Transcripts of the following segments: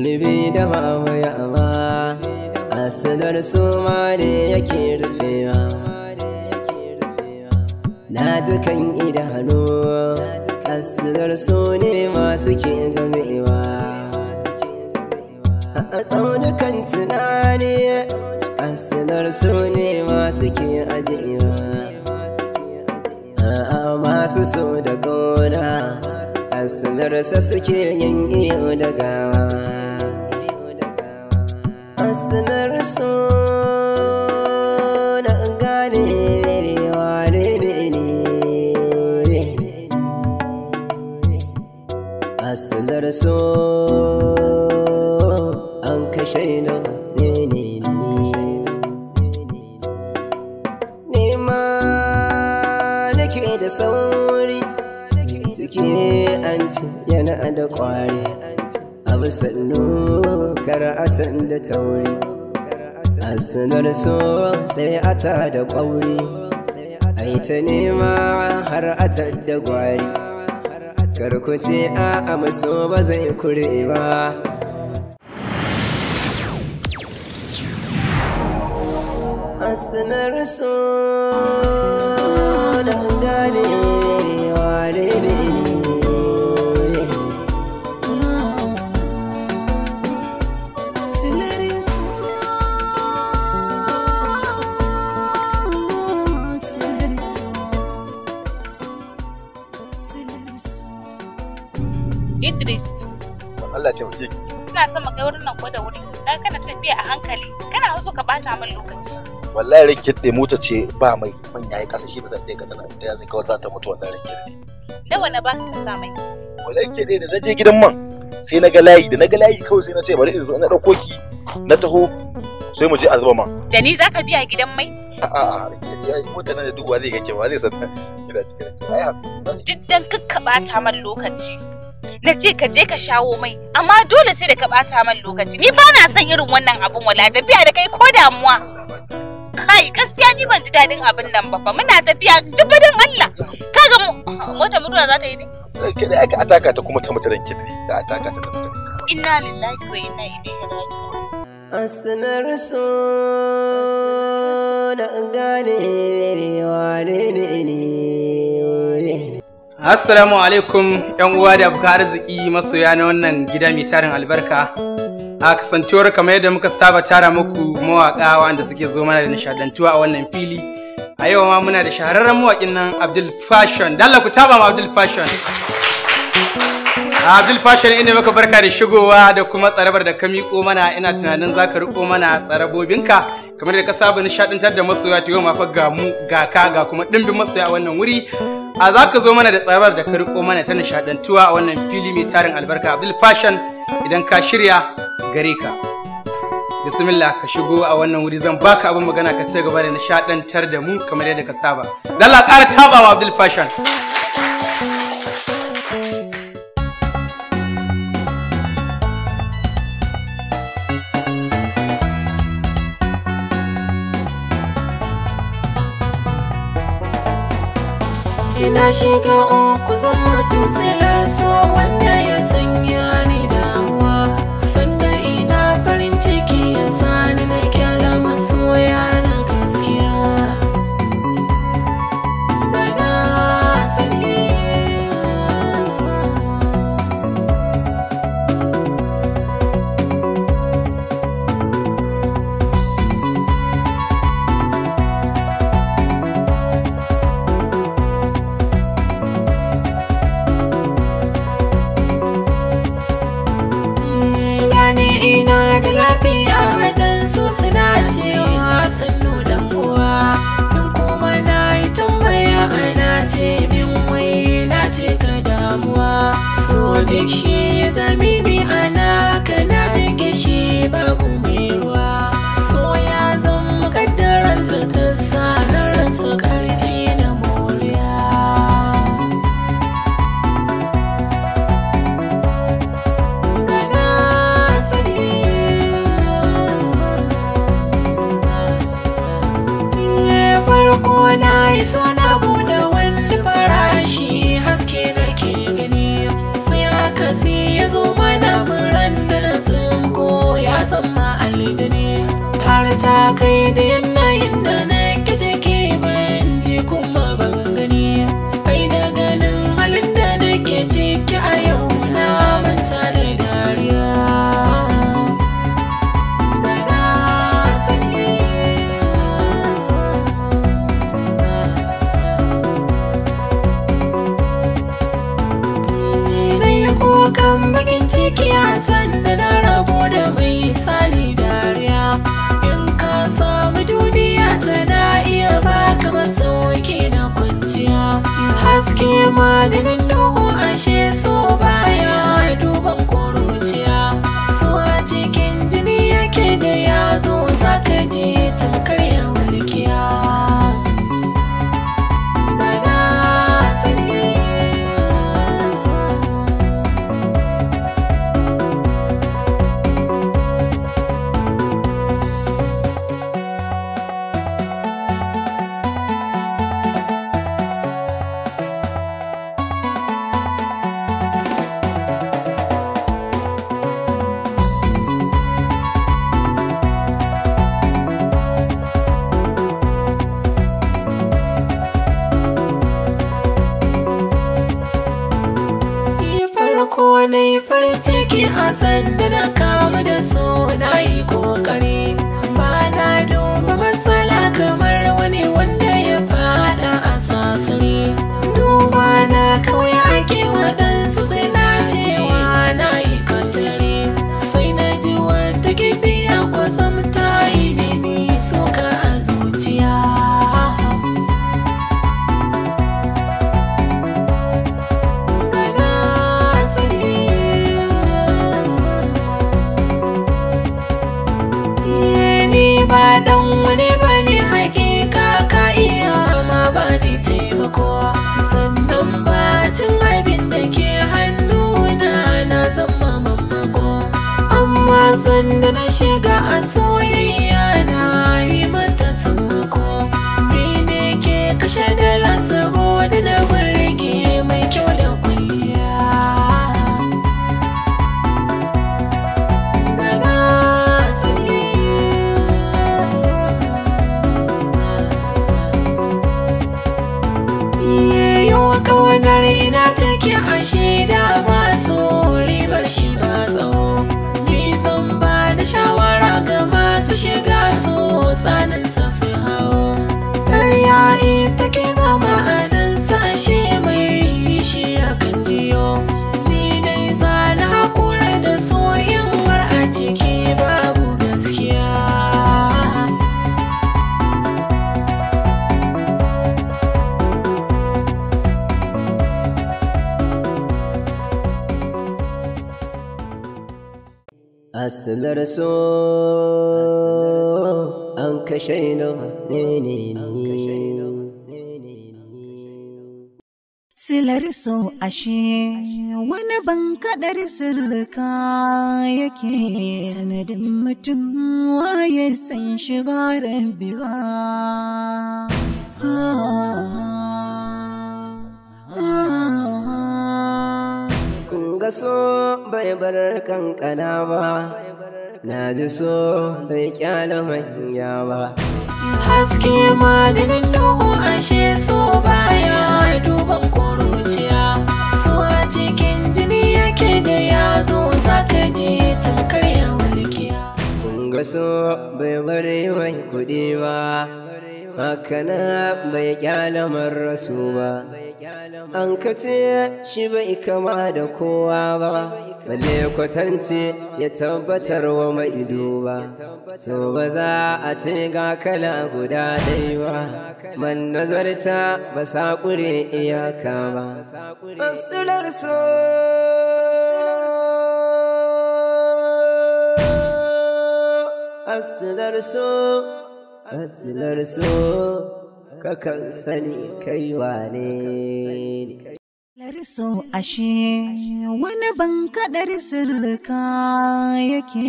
gulbi da babu a sanar su mare yake rufewa na dukan idanu sanar su ne masu ke gamewa a tsaunukan tunani sanar su ne masu ke ajiyewa a masu so da gona asalarsa suke yin iyo da gawa sinar so na gane wane ne a sinar so an kashe na ne ne nema nake da sauri ciki an ci yana da kwari abu sannu kar'atan da tauri a sanar so sai a ta da ƙwauri yi ta nema har a ta da gwari karkuce a maso ba zai kure ba a sanar so da gane Allah ce muke ki ina son mu kai wurin nan ko da wuri dan kana tafiya a hankali kana hausa ka bata min lokaci wallahi rikin ɗe mota ce ba mai mun yayi kasa shi da zai ka tana ta zai kawar ta mutu wannan rikin nawa na ba ka sa mai wallahi ke da naje gidan man sai na ga layi da na ga layi kawai sai na ce bari in zo na dauko ki na taho sai mu je a zuba man. Da ni za ka biya gidan mai? A'a, mota nan da duk wa zai kake ba zai san ina cikin ai. ha. dan kakkaɓa ta man lokaci. na ce ka je ka shawo mai amma dole sai da ka bata man lokaci ni ba na son irin wannan abun wala tafiya da kai ko damuwa kai gaskiya ni ban ji dadin abin nan ba fa muna tafiya jibadin Allah kaga mota mutuwa za ta yi ne kida aka ataka ta kuma ta mutu ranki ne ta ataka ta ta inna lillahi wa inna ilaihi raji'un asnar so na gane ne wane ne ne Assalamu alaikum ‘yan uwa da abokan arziki masoya na wannan gida mai tarin albarka. A kasancewar kamar yadda muka saba tara muku mawaƙa wanda suke zo mana da nishadantuwa a wannan fili. A yau ma muna da shahararren mawaƙin nan Abdul Fashion. Dalla ku taba ma Abdul Fashion. Abdul Fashion inda muka barka da shigowa da kuma tsarabar da ka miƙo mana ina tunanin za ka riƙo mana tsarabobinka kamar da ka saba nishadantar da masoya ta yau ma fa ga mu ga ka ga kuma ɗimbin masoya a wannan wuri a za ka zo mana da tsabar da ka riko mana ta nishadantuwa a wannan fili mai tarin albarka abdul fashion idan ka shirya gare ka bismillah ka shigo a wannan wuri zan baka abin magana ka ci gaba da nishadantar da mu kamar yadda ka saba dalla ƙara tabawa abdul fashion na shiga uku zama tun silar so wanda ya sanya she up. maganin a sanda na kawo da su na yi kokari ba na duba matsala kamar wani wanda ya fada a sasari duba na kawai ake waɗansu sai cin abin da ke hannuna na zama mamako amma sanda na shiga a soyayya na yi mata sammako ni ne ke kashe dala saboda na na raina take ashe da masu ribar shi ba tsawo ni zan ba da shawara ga masu shiga so tsanin sa su hau ƙarya ita ke zama a nan sashe mai shi akan jiyo ni dai za na haƙura da soyawar a ciki ba asalar so an kashe ino ne ne ne silar so ashe wani ban bankaɗar sirrika yake sanadin mutum waye san shi ba rabi ba ah. so bai bar kankana ba na ji so bai kyala manya ba haske maganin duhu ashe so baya duban kuruciya su a cikin jini yake da ya zo zaka ji tankar yawon kiya ga so bai bar mai kuɗi ba hakana bai kyalamar rasu ba an kace shi bai kama da kowa ba balle kwatance ya tabbatar wa mai duba so ba za a ce ga kala guda ɗaya ba man nazarta ba sa iyaka ba asilar so asilar so kakan sani kai wane ne Larso ashe wani bankaɗar sirrika yake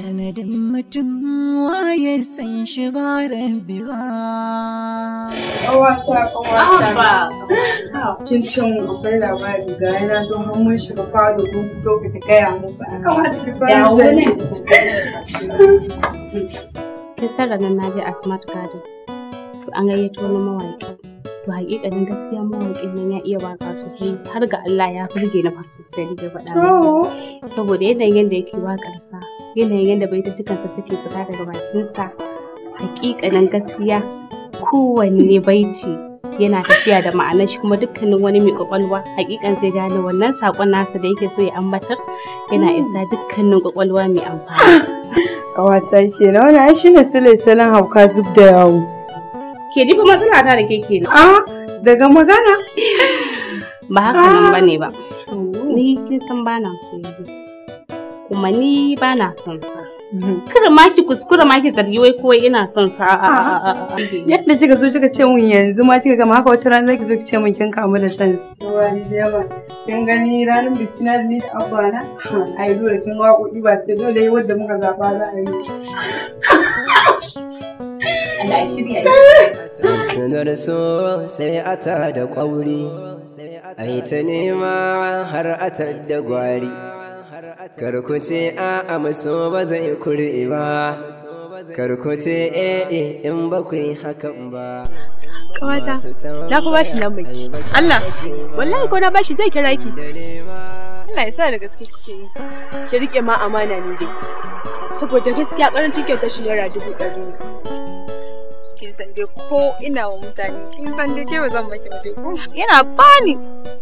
sanadin mutum waye san shi ba rabbi ba. Kawata kawata. Kin can akwai labari ga yana zo hannun shi ga falo don fito ka ta gaya mu ba. ki sanar da ni. duk sarra nan naje a smart garden to an gayyato wani mawaƙi to hakikanin gaskiya mawaƙin nan ya iya waka sosai har ga Allah ya furge na sosai da faɗa saboda yanayin yadda yake wakarsa yanayin yadda sa suke fita daga bakinsa hakikanin gaskiya kowanne baiti yana tafiya da ma'anar shi kuma dukkanin wani mai kwakwalwa hakikan sai gane wannan sakon nasa da yake so ya ambatar yana mm. isa dukkanin kwakwalwa mai amfani Ƙawata na wani ai shine sile salon hauka zub da yawo. Ke difa matsala ta da ke kenan. Ah daga magana. Ba haka nan ah. bane ba. Ni kin san ba bana so. Kuma ni ba na son sa. Kada ma ki kuskura ma ki zargi wai kowai ina son sa a Yadda kika zo kika ce mun yanzu ma kika gama haka wata rana zaki zo ki ce mun kin kamu da sans. Kin gani ranar biki na ni da abana ai dole kin waƙoƙi ba sai dole yi wanda muka zaba za a yi. Allah shirya yi. Sanar so sai a ta da ƙwauri, ai ta nema har a ta da gwari. karkuce a amso ba zai kuri ba karkuce e eh, eh, in ba ku yi hakan ba kawata na ku bashi nan mai Allah wallahi ko na bashi zai kira ki Allah ya sa da gaske kike yi ki rike ma amana ne dai saboda gaskiya karancin kyautar shi yara dubu ɗari kin san dai ko ina wa mutane kin san dai ke ba zan maki ba ko yana bani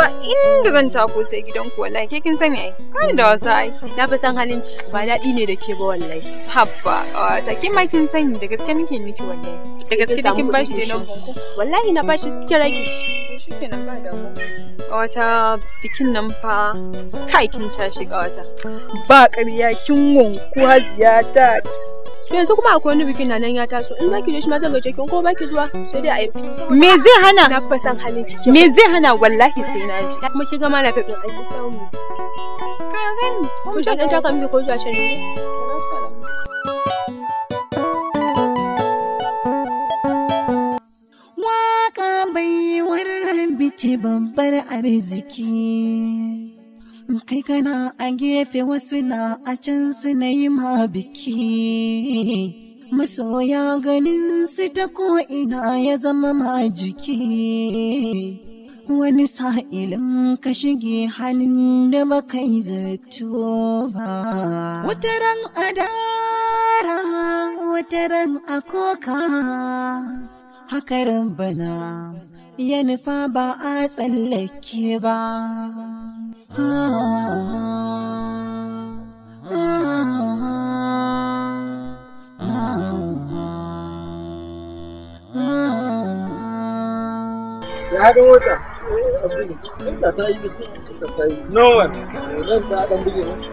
ba inda zan tako sai gidan ku wallahi ke kin sani ai kai da wasa ai na fi san halin ci ba daɗi ne da ke ba wallahi habba ta kin ma kin sani da gaske nake miki wallahi da gaske kin bashi dai nan ku wallahi na bashi kike rage shi shikenan ba da mu wata bikin nan fa kai kin ca shiga wata ba ƙarya kin wanku hajiya ta to yanzu kuma akwai wani bikin nan ya taso in zaki je shi ma zan gaje kin ko baki zuwa sai dai a yi me zai hana na fa san halin ki me zai hana wallahi sai na ji kuma ki ga ma na fifin an ki samu karen ko mu dan taka miki ko zuwa can ne Waka bai warren bice babbar arziki. kai kana a gefe wasu na a can su yi ma biki masoya ganin su ta ko'ina ya zama ma jiki wani sa'ilin ka shige hannun da ba kai zato ba. Wata ran a dara, wata ran a koka, haka bana ya nufa ba a tsallake ba. haɗin wata wata ta yi gisa ta yi nawa nan da ɗan buge ne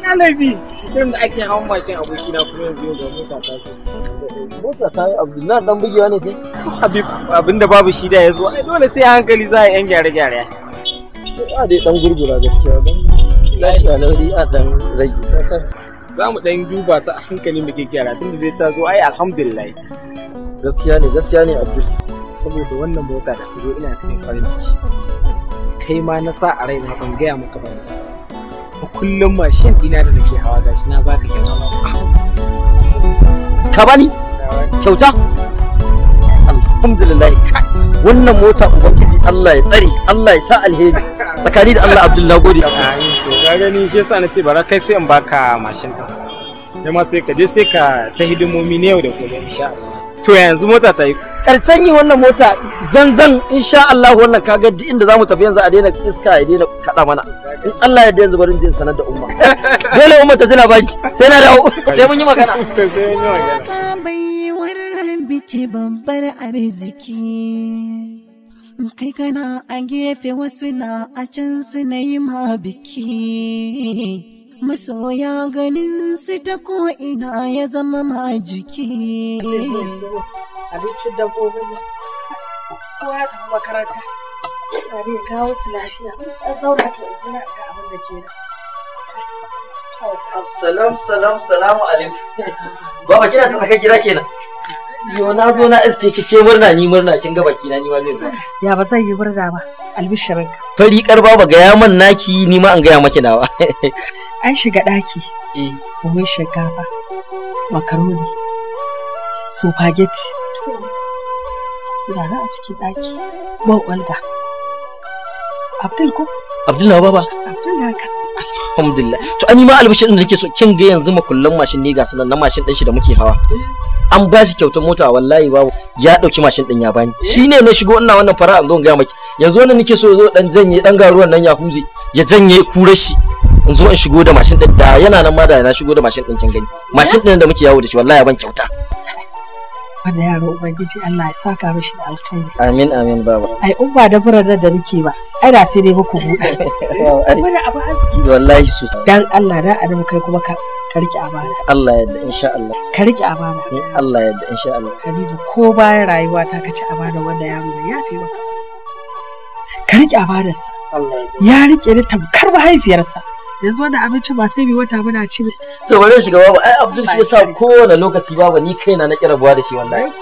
na laifi idan da ake hawan mashin abokina kuma yanzu ga mota ta so mota ta yi abu na ɗan bugewa ne sai su habib abinda babu shi da ya zo ai dole sai hankali za a yi yan gyare-gyare a dai dan gurgura gaskiya don lafiya lauri a dan rage kasar za mu dan duba ta a hankali muke gyara tun da dai ta zo ai alhamdulillah gaskiya ne gaskiya ne abdul saboda wannan mota da ta zo ina cikin farin ciki kai ma na sa a rai na ban gaya maka ba kullum mashin ina da nake hawa gashi na baka kyauta ka bani kyauta alhamdulillah wannan mota ubangiji Allah ya tsare Allah ya sa alheri tsakani da Allah Abdullahi gode to ga gani shi yasa na ce bara kai sai in baka mashin ka kai ma sai ka je sai ka ta hidimomi ne yau da gobe insha Allah. to yanzu mota ta yi karshen yi wannan mota zanzan insha Allah wannan kaga duk inda zamu tafi yanzu a daina iska ya daina kada mana in Allah ya yanzu barin jin sanar da umma dole umma ta ji baki sai na dawo sai mun yi magana sai mun yi magana babbar arziki kai kana a gefe wasu na a can su na yi ma biki masoya ganin su ta ko'ina ya zama ma jiki abincin kowa makaranta salam, salamu alaikum. Baba kina ta gida kenan. Yo na zo na iske kike murna ni murna kin ga baki na ni ma zai Ya ba zai yi murna ba albishirin. Fari karba ba ga yaman naki ni ma an ya maki nawa. An shiga daki. Eh. Buhun shinkafa. Makaroni. Supageti. Suna nan a cikin daki. Ba Olga. Abdul ko? Abdul na baba. Abdul na ka. Alhamdulillah. To ani ma albishirin da nake so kin ga yanzu makullan mashin ne ga sanan na mashin din shi da muke hawa. Eh. an ba shi kyautar mota wallahi babu ya dauki mashin din ya bani shine na shigo ina wannan fara an zo ga maki yanzu wannan nake so zo dan janye dan garuwan nan ya huze ya janye kurar shi in zo in shigo da mashin din da yana nan ma da na shigo da mashin din can gani mashin din da muke yawo da shi wallahi ban kyauta wanda yaro ubangiji Allah ya saka mishi da alkhairi amin amin baba ai uba da burada da nake ba ai da sai dai muku buɗe wani abu arziki wallahi sosai dan Allah da adamu kai kuma ka karki rike amana Allah yadda insha Allah karki rike amana in eh, Allah yadda insha Allah Habibu ko bayan rayuwa ta ka ci amana wanda ya mun ya kai maka karki ka sa Allah ya rike ni tamkar sa yanzu wannan abinci ba sai bi wata muna ci to bare shiga babu ai Abdul shi yasa kowane lokaci babu ni kaina na kira buwa da shi wallahi eh,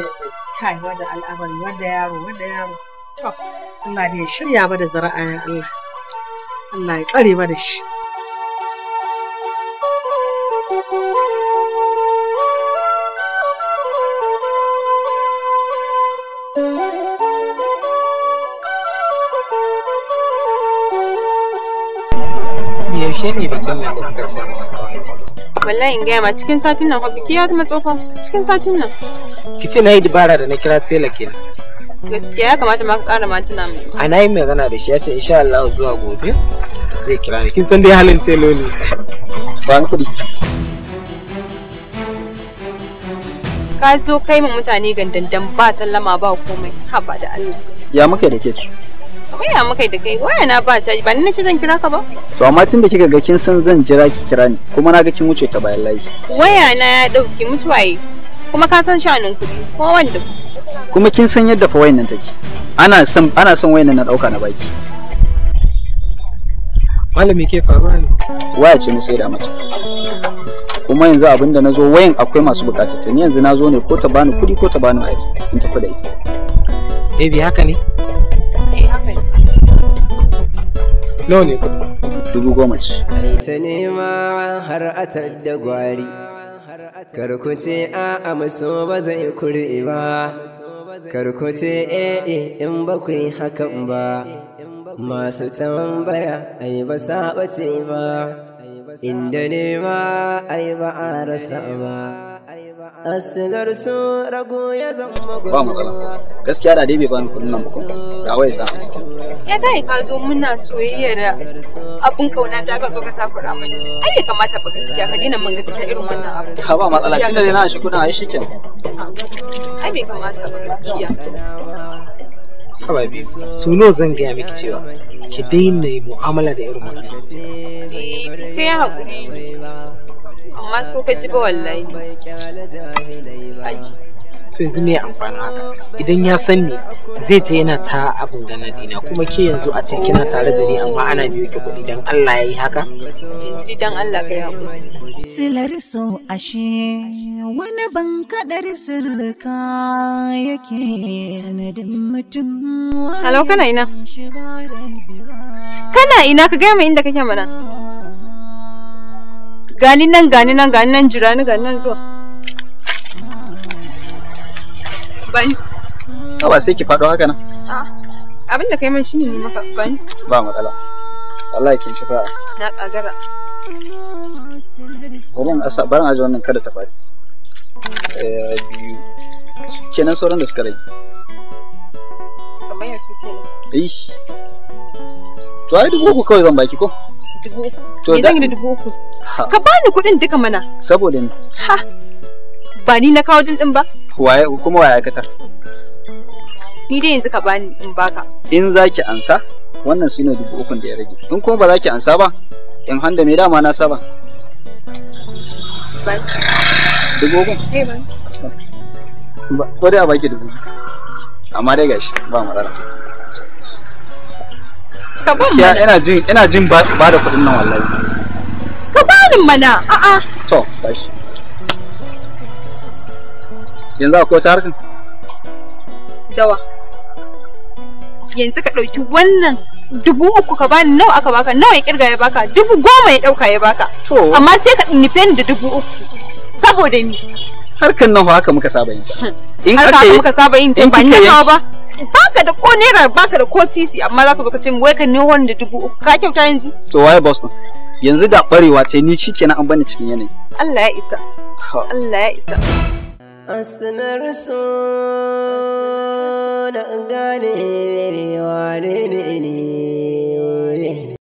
eh. kai wanda al'amari wanda yaro wanda yaro To, Allah da ya shirya ba da zara'ayan Allah. Allah ya tsare ba da shi. yaushe ne bikin nan da kuka tsaya wallahi in gaya ma cikin satin nan fa biki ya matso fa cikin satin nan kice nayi dibara da na kira tsela kenan gaskiya ya kamata ma ka ƙara ma tuna mu a na yi magana da shi ya ce insha Allah zuwa gobe zai kira ni kin san dai halin telo ne ban kudi ka zo kai mu mutane gandandan ba sallama ba komai haba da Allah ya muka da ke ci kamar ya muka da kai waya na ba ta ba ni na ce zan kira ka ba to amma tun da kika ga kin san zan jira ki kira ni kuma na ga kin wuce ta bayan layi waya na ya dauki mutuwaye kuma ka san shanun kuɗi kuma wanda kuma kin san yadda fa wayannan take ana son ana son wayannan na dauka na baki malami ke faruwa ne waya ce ni sai da mata kuma yanzu abin da nazo wayan akwai masu bukatar ta ni yanzu nazo ne ko ta bani kudi ko ta bani aiki in tafi da ita bi haka ne eh haka ne nawa ne kudi dubu goma ce ta nema har atar da gwari karkuce a amso ba zai kuri ba karkuce e eh, eh, in ba ku yi hakan ba masu tambaya ai ba saɓace ba inda ne ma ai ba a rasa ba asilar su rago ya zama ba gaskiya da dai bai bani kudin nan ko da wai za a cikin ya sai ka zo muna soyayya da abun kauna ta ka zo ka ai bai kamata ba gaskiya ka dina mun gaskiya irin wannan abu ka ba matsala tunda dai na shi kudin ai shikin ai bai kamata ba gaskiya Hababi, su nawa zan gaya miki cewa ki daina mu'amala da irin wannan. Eh, kai hakuri. amma so ka ji ba wallahi to yanzu me amfanin haka idan ya san ni zai ta yana ta abin gana dina kuma ke yanzu a ce kina tare da ni amma ana biyo ki kuɗi dan Allah yayi haka yanzu dan Allah kai hakuri silar so ashe wani ban kadar sirrika yake sanadin mutum halau kana ina kana ina ka gaya min inda kake mana gani nan gani nan gani nan jira ni gani nan zuwa bani ka ba sai ki faɗo haka nan ah, abin da kai man shine ne maka bani ba matsala Allah ya kinci sa'a na kagara wannan asa barin aje nan kada ta faɗi. eh biyu. Kenan sauran da suka rage. Kamar yanzu kenan. Eh. To ai dubu ku kawai zan baki ko? dubu uku. Me zan yi da dubu uku? Ka bani kuɗin duka mana. Saboda ni. Ha. Ba ni na kawo din ba? Waye kuma waye aikatar? Ni dai yanzu ka bani in baka. In za ki ansa wannan shine dubu ukun da ya rage. In kuma ba za ki ansa ba in handa me dama na saba. Dubu ukun? Eh ba. Ko dai a baki dubu. uku, Amma dai gashi ba matsala. ka ban mana ina jin ina jin ba da kuɗin nan wallahi ka ba ni mana a'a to bashi yanzu akwai wata harkar jawa yanzu ka ɗauki wannan dubu uku ka bani nawa aka baka nawa ya kirga ya baka dubu goma ya ɗauka ya baka amma sai ka nufe ni da dubu uku saboda ni Harkar nan haka muka saba yin ta in aka muka saba yin ta ba ni ba baka da ko naira baka da ko sisi amma zaka zo ka ce wai ka ne wanda dubu uku ka kyauta yanzu to waye boss din yanzu da barewa ce ni kenan an bani cikin yanayi Allah ya isa Allah ya isa asnar so na gane ne ne